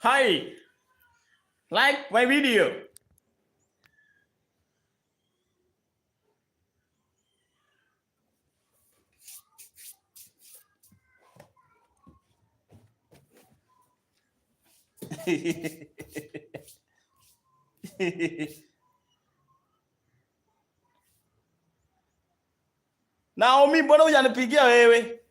はい。Like my video. Naomi, mbona hujanipigia wewe?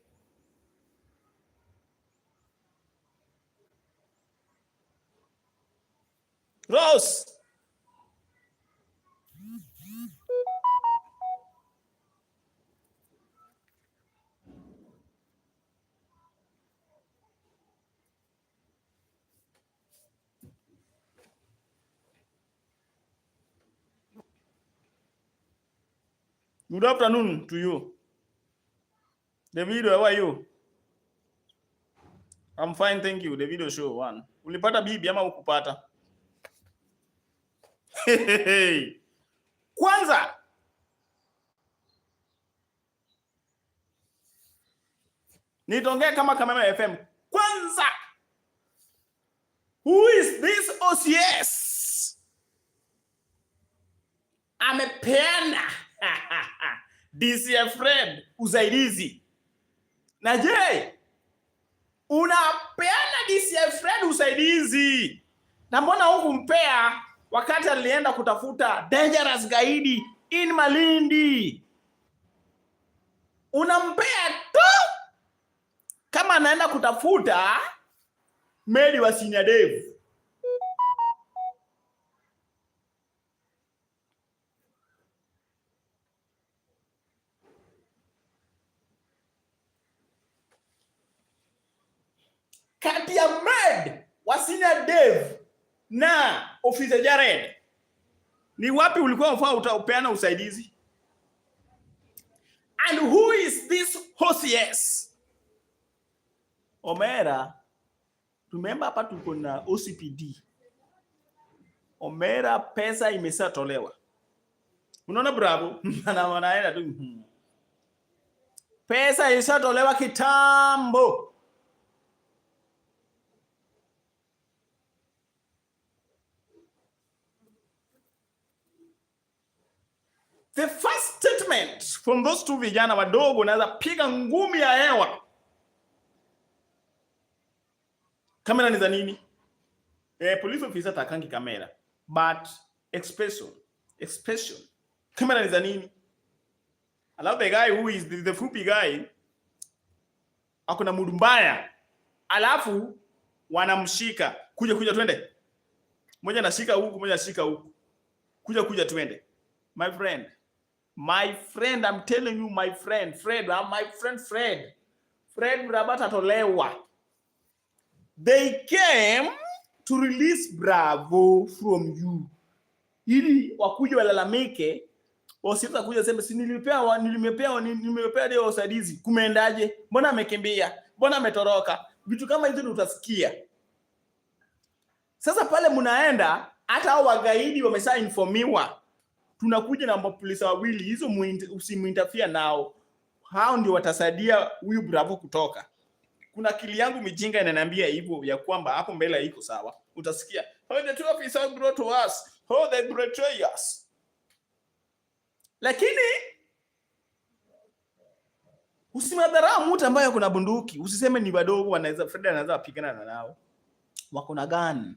Good afternoon to you. Davido, how are you? I'm fine, thank you. the video show one. Ulipata bibi ama ukupata? Hey, hey, hey. Kwanza nitongee kama Kameme FM. Kwanza, who is this OCS? Amepeana DCF Friend usaidizi. Na je, unapeana DCF Friend usaidizi? Na mbona mpea wakati alienda kutafuta dangerous gaidi in Malindi? Unampea tu kama anaenda kutafuta meli wa sinyadevu ofisa Jared, ni wapi ulikuwa unafaa utapeana usaidizi? And who is this OCS? Omera, tumemba hapa tuko na OCPD. Omera, pesa imeshatolewa. Unaona, bravo anaenda tu hmm. pesa tolewa kitambo. The first statement from those two vijana wadogo, naweza piga ngumi ya hewa. Kamera ni za nini? Eh, police officer takangi kamera, but expression expression, kamera ni za nini? I love the guy who is the, the fupi guy ako na mudu mbaya, alafu wanamshika kuja kuja, twende, mmoja anashika huku, mmoja anashika huku, kuja kuja, twende my friend My friend, I'm telling you my friend, Fred, my friend Fred. Fred Brabata tolewa. They came to release Bravo from you. Ili wakuja walalamike, wasitaka kuja si nilipewa, nilimepewa, nimepewa deo usaidizi. Kumeendaje? Mbona amekimbia? Mbona ametoroka? Vitu kama hizo utasikia. Sasa pale mnaenda hata hao wagaidi informiwa tunakuja na mapolisa wawili hizo, usimuinterfere nao, hao ndio watasaidia huyu Bravo kutoka. Kuna akili yangu mijinga inaniambia hivyo ya kwamba hapo mbele iko sawa, utasikia how the two officers brought to us, how they betrayed us, lakini usimadharau mtu ambaye kuna bunduki, usiseme ni wadogo wanaweza, Fred anaweza apigana na nao, wako na gani?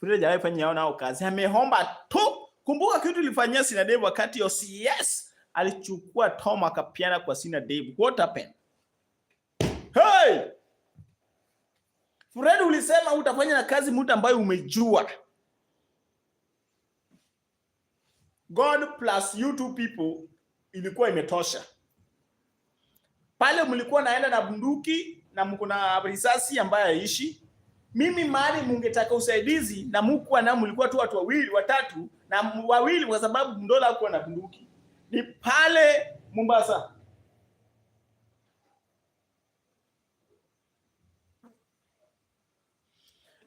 Fred haifanya fanya nao kazi, ameomba tu Kumbuka kitu ilifanyia Sina Dave wakati OCS alichukua Tom akapiana kwa Sina Dave. What happened? Hey! Fred ulisema utafanya na kazi mtu ambaye umejua. God plus you two people ilikuwa imetosha. Pale mlikuwa naenda na bunduki na mko na risasi ambayo haishi. Mimi mali mungetaka usaidizi na mko na mlikuwa tu watu wawili watatu na wawili, kwa sababu Ndola hakuwa na bunduki, ni pale Mombasa.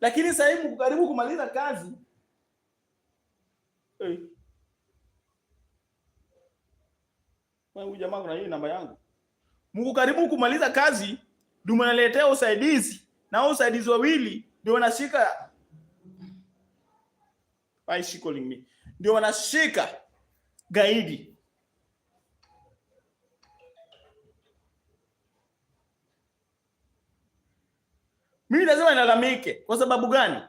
Lakini sasa hivi karibu kumaliza kazi huyu jamaa, kuna hii namba yangu, mkukaribu karibu kumaliza kazi, ndio mnaletea usaidizi na usaidizi wawili ndio wanashika. Why she calling me? ndio wanashika gaidi. Mimi lazima nilalamike. Kwa sababu gani?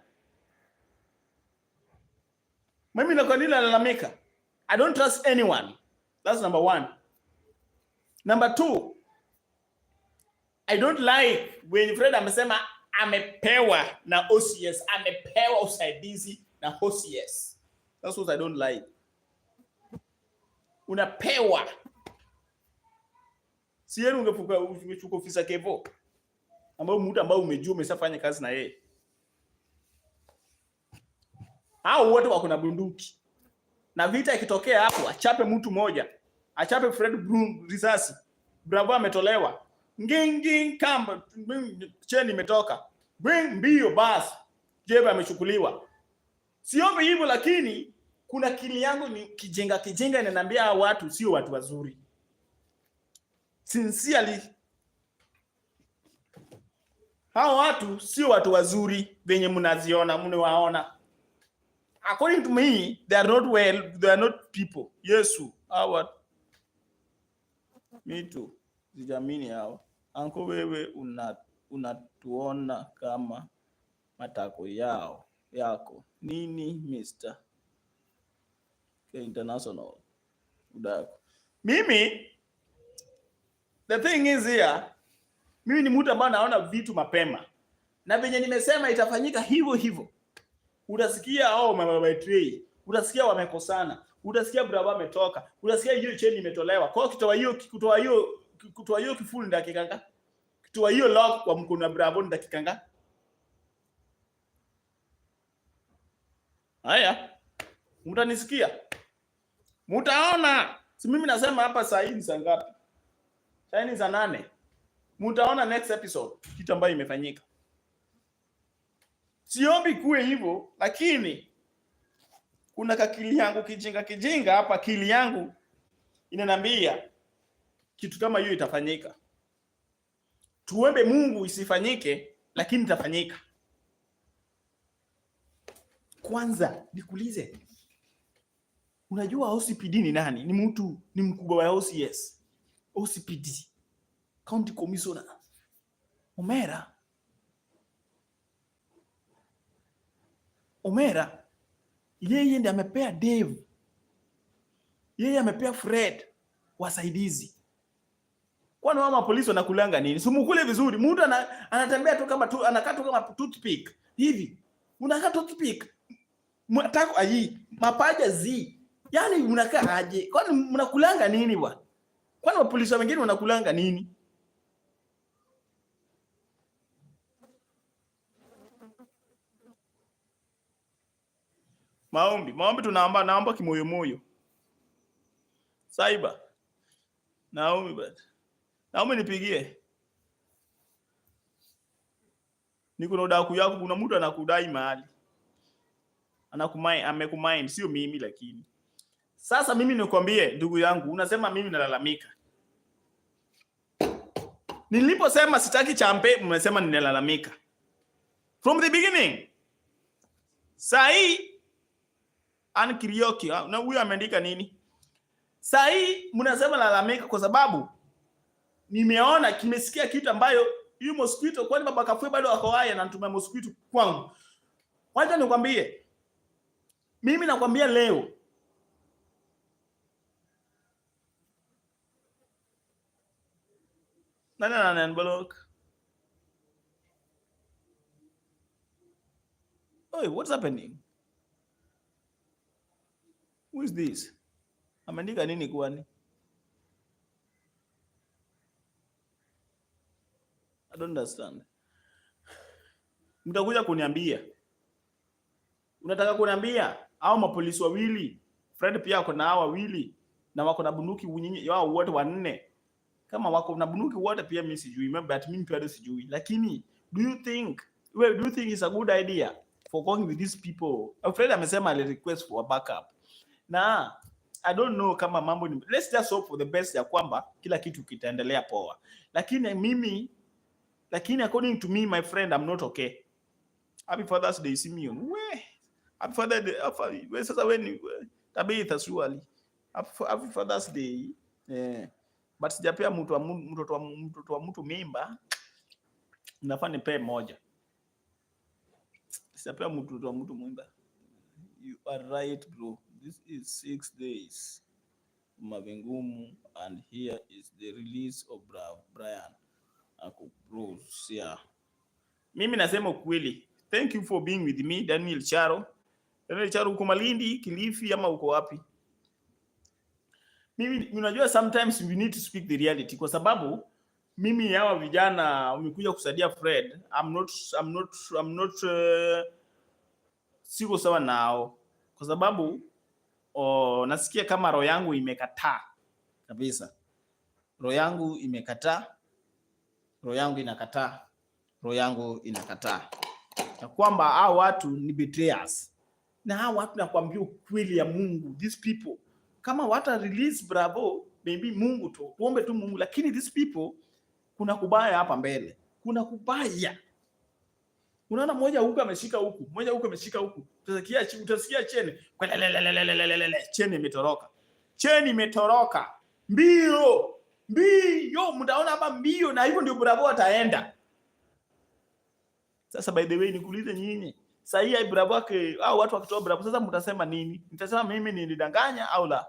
Mimi na kwa nini nalalamika? I don't trust anyone. That's number one. Number two, I don't like when Fred amesema amepewa na OCS, amepewa usaidizi na OCS. That's what I don't like. Unapewa si yenu, ungefuka ungechukua ofisa Kevo ambao mtu ambao umejua umesafanya kazi na yeye, au wote wako na bunduki na vita ikitokea hapo, achape mtu moja, achape Fred Brum risasi. Bravo ametolewa ngingi kamba cheni imetoka mbio, basi jeba amechukuliwa. Siombi hivyo lakini kuna akili yangu ni kijinga kijinga inaniambia watu sio watu wazuri. Sincerely, hao watu sio watu wazuri venye mnaziona mnawaona. According to me, they are not well, they are not people. Yesu, hawa mitu zijamini hawa hao. Anko, wewe unatuona una kama matako yao yako nini mister international muda Mimi the thing is here, mimi ni mtu ambaye naona vitu mapema na venye nimesema itafanyika hivyo hivyo. Utasikia oh, mama tree, utasikia wamekosana, utasikia braba ametoka, utasikia hiyo cheni imetolewa. Kwa kitoa hiyo kutoa hiyo kutoa hiyo kifuli ndio kikanga. Kutoa hiyo lock kwa mkono wa bravo ndio kikanga. Haya. Mtanisikia? Mutaona. Si mimi nasema hapa saa hii ni saa ngapi? Saa ni saa nane. Mutaona next episode kitu ambayo imefanyika. Siombi kuwe hivyo, lakini kuna kakili yangu kijinga kijinga hapa, akili yangu inanambia kitu kama hiyo itafanyika. Tuombe Mungu isifanyike, lakini itafanyika. Kwanza nikuulize Unajua OCPD ni nani? Ni mtu ni mkubwa wa OCS. OCPD County Commissioner Omera, Omera yeye ndiye amepea Dave, yeye amepea Fred wasaidizi. Kwani wao mapolisi wanakulanga nini? Sumukule vizuri, mtu anatembea tu kama tu, anakaa tu kama toothpick hivi, unakaa toothpick mtako ayi mapaja zi Yaani mnakaa aje? Kwani mnakulanga nini bwana? Kwani mapolisi wengine wanakulanga nini? Maombi, maombi tunaomba, naomba kimoyomoyo. Saiba. Naomi bwana. Naomi nipigie. Niko na daku yako, kuna mtu anakudai mahali. Anakumai, amekumai, sio mimi lakini. Sasa mimi nikwambie ndugu yangu, unasema mimi nalalamika. Niliposema sitaki champe, mmesema ninalalamika from the beginning. Saa hii Anne ah, na huyu ameandika nini? Saa hii mnasema nalalamika kwa sababu nimeona kimesikia kitu ambayo huyu mosquito, kwani baba kafue bado wako hai na ananitumia mosquito kwangu. Wacha nikwambie mimi, nakwambia leo na ana balok. Oi, what's happening? Who is this? Ameandika nini kwani? I don't understand. Mtakuja kuniambia. Unataka kuniambia au mapolisi wawili, Fred pia ako na hao wawili na wako na bunduki wao wote wanne kama wako na bunduki wote pia mimi sijui, but mimi pia sijui, lakini do you think well, do you think it's a good idea for going with these people? Alfred amesema ali request for a backup na I don't know kama mambo ni, let's just hope for the best ya kwamba kila kitu kitaendelea poa, lakini mimi lakini according to me my friend I'm not okay. Happy Father's Day Simeon, we happy Father's Day sasa, we ni tabia Happy Father's Day eh but sijapea mtoto wa mtu mimba, nafaa nipee moja. Sijapea mtoto wa mtu mimba. You are right bro, this is six days Mavingumu and here is the release of Brian Akubrusia. Mimi nasema ukweli. Thank you for being with me Daniel Charo. Daniel Charo, uko Malindi, Kilifi ama uko wapi? mimi unajua, sometimes we need to speak the reality, kwa sababu mimi hawa vijana wamekuja kusaidia Fred, I'm not, I'm not, I'm not, uh, siko sawa nao kwa sababu oh, nasikia kama roho yangu imekataa kabisa. Roho yangu imekataa, roho yangu inakataa, roho yangu inakataa na kwamba hao watu ni betrayers, na hao watu nakwambia ukweli ya Mungu, these people kama wata release Bravo, maybe Mungu tu, tuombe tu Mungu, lakini these people kuna kubaya hapa mbele, kuna kubaya. Unaona, mmoja huku ameshika huku, mmoja huku ameshika huku, utasikia utasikia cheni cheni imetoroka, cheni imetoroka, mbio mbio, mtaona hapa mbio, na hivyo ndio Bravo ataenda sasa. By the way, nikuulize nyinyi sasa hii bravo yake au watu wakitoa bravo, sasa mtasema nini? Nitasema mimi nilidanganya au la?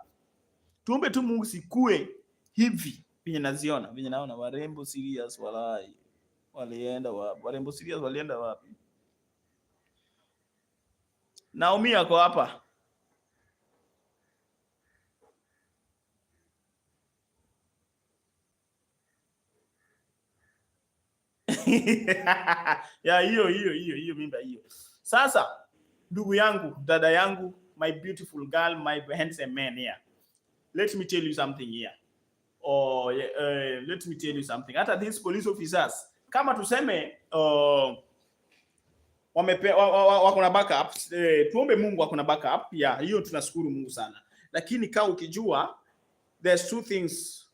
Tuombe tu Mungu sikue hivi venye naziona, venye naona warembo serious walai. Walienda wapi? Warembo serious walienda wapi? Naomi yako hapa. Ya hiyo hiyo hiyo hiyo mimba hiyo. Sasa ndugu yangu, dada yangu, my beautiful girl, my handsome man here. Let me tell you something here. Oh, uh, let me tell you something. Hata these police officers kama tuseme uh, wamepe wa na backup eh, tuombe Mungu ako backup ya hiyo, tunashukuru Mungu sana, lakini kaa ukijua there's two things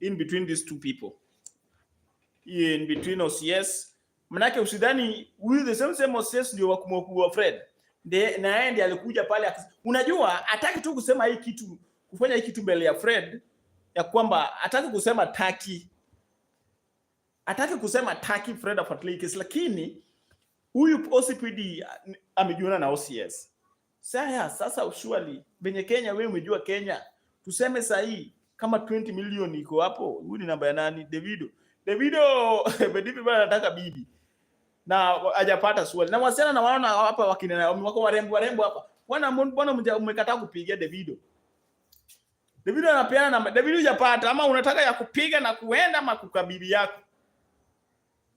in between these two people in between yes, Manake usidhani huyu the same same Moses ndio wa kumwokoa Fred. De, na yeye ndiye alikuja pale akis... unajua hataki tu kusema hii kitu kufanya hii kitu mbele ya Fred ya kwamba hataki kusema taki hataki kusema taki Fred of Athletics, lakini huyu OCPD amejiona na OCS. Sasa sasa usually benye Kenya, wewe umejua Kenya, tuseme hii kama 20 million iko hapo. Huyu ni namba ya nani? Davido. Davido, Davido bwana nataka bibi na hajapata swali. Na wasiana na wanaona hapa wakina wako warembo warembo hapa. Bwana bwana umekataa kupigia Davido. Davido anapeana namba. Davido hujapata ama unataka ya kupiga na kuenda ama kukabibi yako.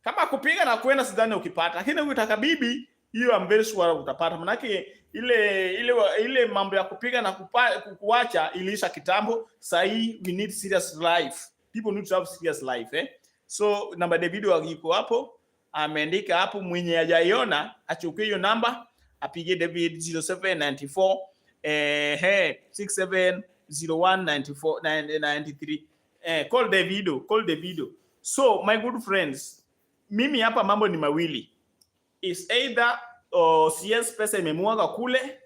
Kama kupiga na kuenda sidhani ukipata. Lakini ukitaka bibi hiyo I'm very sure utapata. Manake ile ile ile mambo ya kupiga na kupa, kuacha iliisha kitambo. sasa hii we need serious life. People need to have serious life eh. So namba Davido yuko hapo ameandika hapo, mwenye hajaiona achukue hiyo namba apige David 0794 eh, hey, 67019493 eh, call Davido, call Davido. So my good friends, mimi hapa mambo ni mawili is either oh, CS pesa imemwaga kule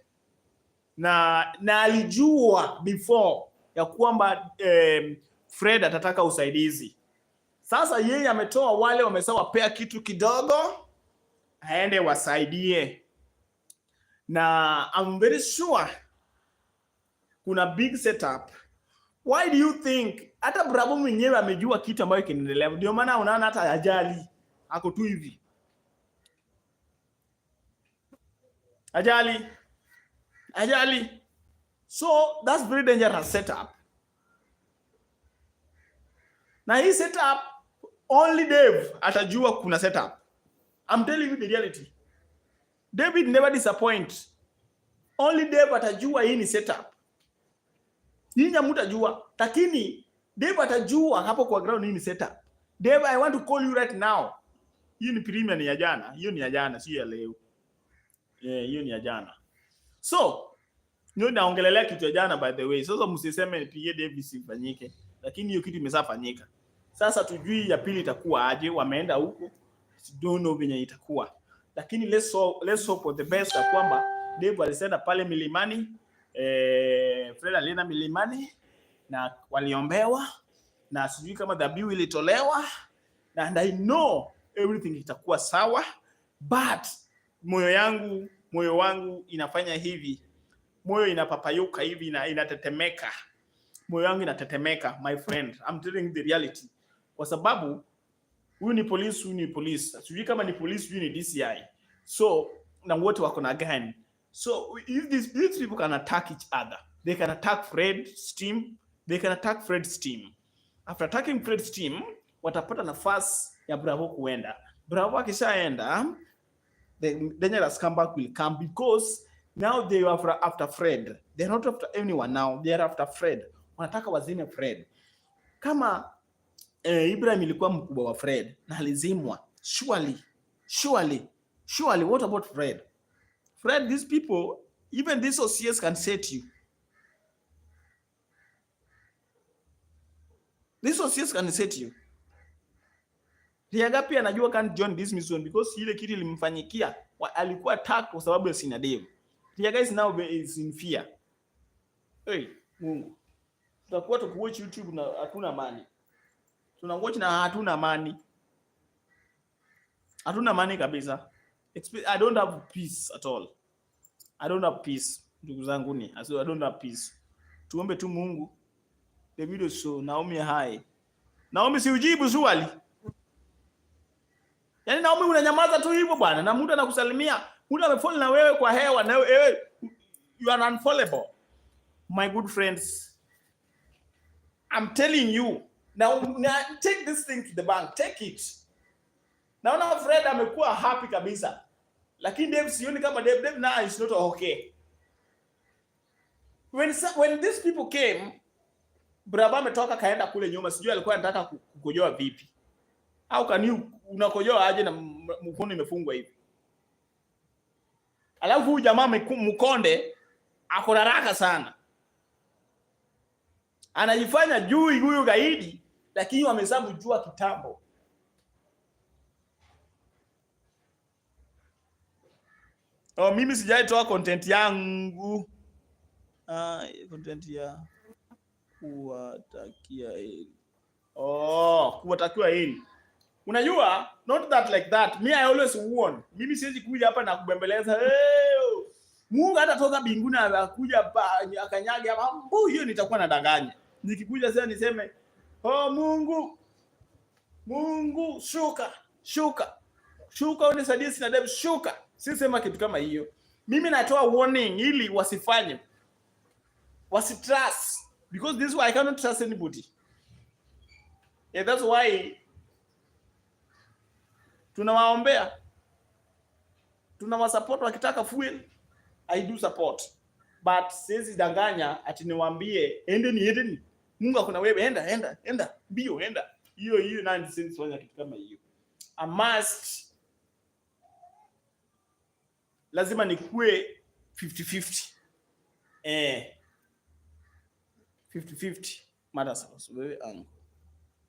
na na alijua before ya kwamba eh, Fred atataka usaidizi sasa yeye ametoa wale wamesawapea kitu kidogo, aende wasaidie, na I'm very sure kuna big setup. Why do you think hata Bravo mwenyewe amejua kitu ambayo kinaendelea? Ndio maana unaona hata ajali ako tu hivi ajali ajali. So that's very dangerous setup, na hii setup Only Dave atajua kuna setup. I'm telling you the reality. David never disappoint. Only Dave atajua hii ni setup. Nyinyi jua. lakini Dave atajua hapo kwa ground hii ni setup. Dave, I want to call you right now. Hii ni premium ni ya jana, hiyo ni ya jana, sio ya leo. Eh, hiyo ni ya jana. So, ndio naongelelea kitu ya jana by the way. Sasa msiseme PA Davis sifanyike. lakini hiyo kitu imeshafanyika. Sasa tujui ya pili itakuwa aje, wameenda huko, don't know venye itakuwa, lakini let's hope, let's hope for the best ya kwamba Dave alisenda pale milimani eh, Fred alienda milimani na waliombewa na sijui kama dhabihu ilitolewa na and I know everything itakuwa sawa, but moyo yangu moyo wangu inafanya hivi, moyo inapapayuka hivi na inatetemeka, moyo wangu inatetemeka. My friend, I'm telling the reality kwa sababu huyu ni polisi, huyu ni polisi, sijui kama ni polisi, huyu ni DCI, so na wote wako na gani. So if these, these people can attack each other, they can attack Fred Steam, they can attack Fred Steam. After attacking Fred Steam, watapata nafasi ya Bravo kuenda. Bravo akishaenda, the dangerous comeback will come because now they are after Fred, they are not after anyone now, they are after Fred. Wanataka wazime Fred kama eh, Ibrahim ilikuwa mkubwa wa Fred na alizimwa. Surely, surely, surely, what about Fred? Fred, these people, even this OCS can set you. This OCS can set you. Liaga pia anajua can't join this mission because ile kitu ilimfanyikia alikuwa tak kwa sababu ya sina Dev. Liaga is now is in fear. Hey, Mungu. Tutakuwa tukuwatch YouTube na hatuna amani tuna watch na hatuna mani hatuna mani kabisa. I don't have peace at all. I don't have peace ndugu zangu, ni I don't have peace. Tuombe tu Mungu. David so Naomi hai Naomi, si ujibu swali yaani, Naomi unanyamaza tu hivyo bwana, na mtu anakusalimia Mtu amefall na wewe kwa hewa na wewe eh, you are unfallable. My good friends, I'm telling you Now, now take this thing to the bank, take it. Now, now Fred amekuwa happy kabisa, lakini Dave sioni kama Dave, Dave now is not okay. When, when these people came, Braba ametoka kaenda kule nyuma, sijui alikuwa anataka kukojoa vipi au kani unakojoa aje na mkono imefungwa hivi. Alafu huyu jamaa mkonde ako haraka sana, anajifanya juu huyu gaidi lakini wamezambu jua kitambo. Oh, mimi sijaitoa content yangu ah, content ya kuwatakia heri. Oh, kuwatakia heri. Unajua, not that like that. Me I always warn. Mimi siwezi kuja hapa na kubembeleza. Hey, Mungu hata toka mbinguni akakuja akanyaga hapa. Hiyo nitakuwa nadanganya. Nikikuja sasa niseme Oh, Mungu Mungu, shuka shuka shuka, unisaidie sina devu, shuka. Sisema kitu kama hiyo, mimi natoa warning ili wasifanye, wasitrust because this why I cannot trust anybody yeah, that's why tunawaombea, tunawasupport wakitaka fuel, I do support but sisi danganya ati niwaambie endeni endeni Mungu akuna wewe, enda enda enda mbio, enda hiyo hiyo nonsense, fanya kitu kama hiyo. I must lazima nikue 50 50 eh 50 50 mara sasa, wewe angu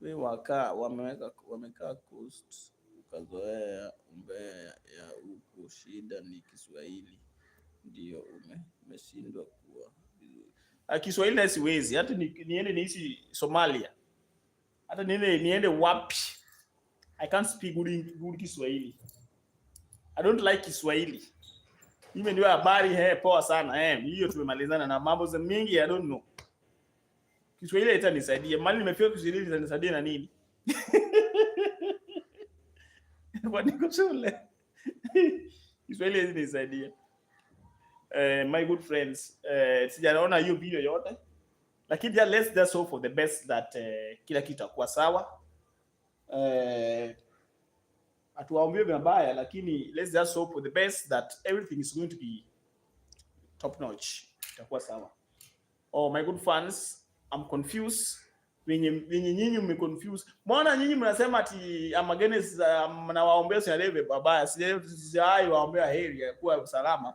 wewe waka wameweka wamekaa coast ukazoea umbea ya huku, shida ni Kiswahili ndio umeshindwa kuwa Ah, Kiswahili na siwezi, hata ni, niende niishi Somalia, hata niende niende wapi, I can't speak good, good Kiswahili. I don't like Kiswahili. Hiyo ndio habari he, poa sana eh, hiyo tumemalizana na mambo mengi I don't know. Kiswahili itanisaidia mali, nimepewa Kiswahili itanisaidia na nini? Kwa niko shule Kiswahili itanisaidia uh, my good friends uh, eh, sijaona video yote lakini just let's just hope for the best that uh, kila kitu itakuwa sawa uh, atuwaombie vibaya lakini let's just hope for the best that everything is going to be top notch, itakuwa sawa. Oh my good fans, I'm confused wenye nyinyi mmeconfuse. Mbona nyinyi mnasema ati I'm against uh, mnawaombea um, siadewe babaya, sijawahi waombea heri ya kuwa salama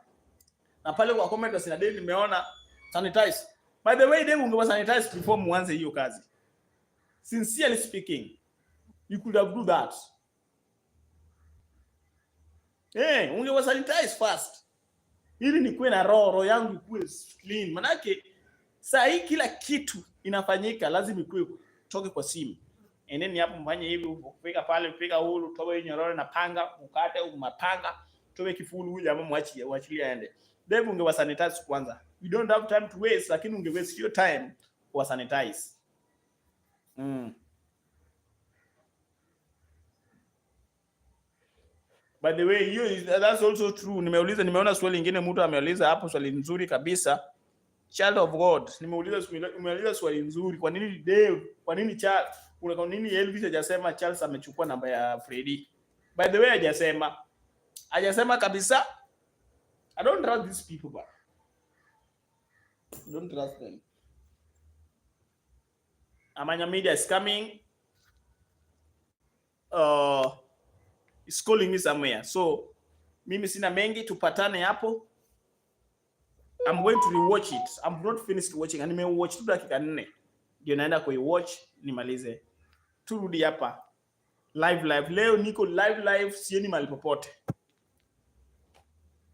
na pale kwa comment ya sina deni nimeona sanitize. By the way, deni ungekuwa sanitize before muanze hiyo kazi. Sincerely speaking, you could have do that. Eh, hey, ungekuwa sanitize fast. Ili nikuwe na roho roho yangu ikuwe clean. Manake saa hii kila kitu inafanyika lazima ikuwe toke kwa simu. Endeni hapo mfanye hivi, ufika pale ufika huru, toa nyororo na panga, ukate au mapanga, toa kifulu huyu jamaa mwachi, mwachilie aende. Dave ungewa sanitize kwanza. You don't have time to waste, lakini unge waste your time kuwa sanitize. Mm. By the way, you, that's also true. Nimeuliza, nimeona swali lingine mtu ameuliza hapo, swali nzuri kabisa. Child of God. Nimeuliza umeuliza swali nzuri. Kwa nini Dave? Kwa nini Charles? Kwa nini Elvis hajasema Charles amechukua namba ya Freddy? By the way, hajasema. Hajasema kabisa. I don't trust these people, but I don't trust them. Amanya Media is coming. Uh, is calling me somewhere. So mimi sina mengi, patane hapo. I'm going to rewatch it. I'm not finished watching. And nimewatch tu dakika nne ndio naenda kuiwatch nimalize. Turudi hapa live live. Leo niko live live, sieni mali popote.